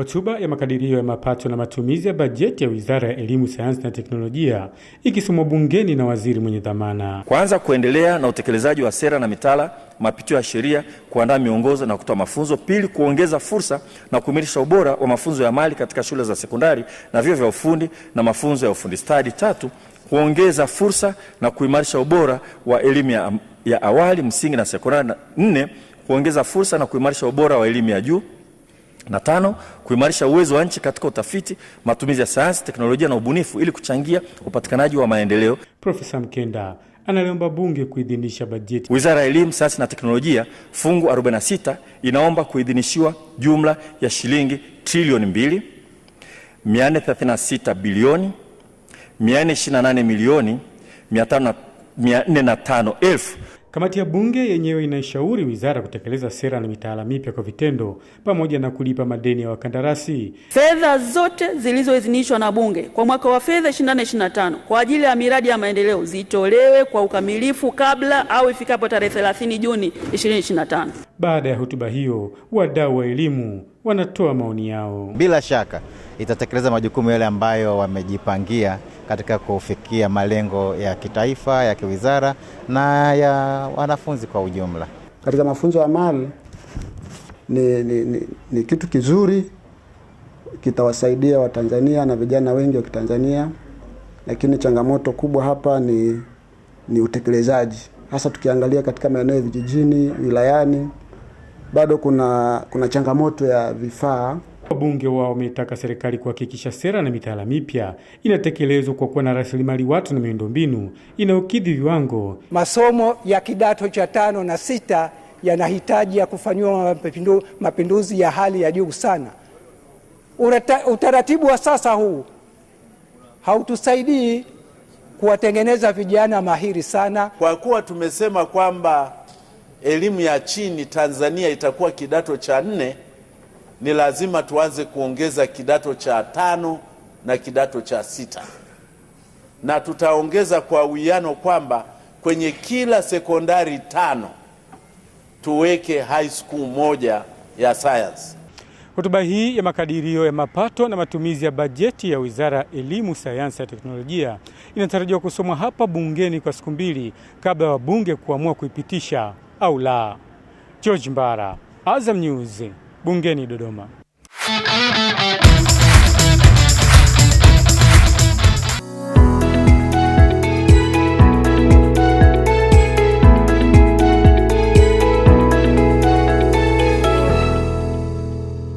Hotuba ya makadirio ya mapato na matumizi ya bajeti ya Wizara ya Elimu, Sayansi na Teknolojia ikisomwa bungeni na waziri mwenye dhamana. Kwanza, kuendelea na utekelezaji wa sera na mitaala, mapitio ya sheria, kuandaa miongozo na kutoa mafunzo. Pili, kuongeza fursa na kuimarisha ubora wa mafunzo ya mali katika shule za sekondari na vyuo vya ufundi na mafunzo ya ufundi stadi. Tatu, kuongeza fursa na kuimarisha ubora wa elimu ya, ya awali, msingi na sekondari. Nne, kuongeza fursa na kuimarisha ubora wa elimu ya juu. Na tano, kuimarisha uwezo wa nchi katika utafiti, matumizi ya sayansi, teknolojia na ubunifu ili kuchangia upatikanaji wa maendeleo. Profesa Mkenda analiomba bunge kuidhinisha bajeti. Wizara ya Elimu, Sayansi na Teknolojia fungu 46 inaomba kuidhinishiwa jumla ya shilingi trilioni 2 436 bilioni 428 milioni 405 elfu Kamati ya bunge yenyewe inaishauri wizara kutekeleza sera na mitaala mipya kwa vitendo pamoja na kulipa madeni ya wakandarasi. Fedha zote zilizoidhinishwa na bunge kwa mwaka wa fedha 24 kwa ajili ya miradi ya maendeleo zitolewe kwa ukamilifu kabla au ifikapo tarehe 30 Juni 2025. Baada ya hotuba hiyo, wadau wa elimu wanatoa maoni yao. Bila shaka itatekeleza majukumu yale ambayo wamejipangia katika kufikia malengo ya kitaifa, ya kiwizara na ya wanafunzi kwa ujumla. Katika mafunzo ya amali ni, ni, ni, ni kitu kizuri kitawasaidia Watanzania na vijana wengi wa Kitanzania, lakini changamoto kubwa hapa ni, ni utekelezaji hasa tukiangalia katika maeneo ya vijijini, wilayani bado kuna, kuna changamoto ya vifaa. Wabunge wao wametaka serikali kuhakikisha sera na mitaala mipya inatekelezwa kwa kuwa na rasilimali watu na miundombinu inayokidhi viwango. Masomo ya kidato cha tano na sita yanahitaji ya kufanyiwa mapinduzi ya hali ya juu sana. Urata, utaratibu wa sasa huu hautusaidii kuwatengeneza vijana mahiri sana, kwa kuwa tumesema kwamba elimu ya chini Tanzania itakuwa kidato cha nne, ni lazima tuanze kuongeza kidato cha tano na kidato cha sita, na tutaongeza kwa uwiano kwamba kwenye kila sekondari tano tuweke high school moja ya science. Hotuba hii ya makadirio ya mapato na matumizi ya bajeti ya Wizara ya Elimu, Sayansi na Teknolojia inatarajiwa kusomwa hapa bungeni kwa siku mbili kabla ya wabunge kuamua kuipitisha au la? George Mbara, Azam News, Bungeni, Dodoma.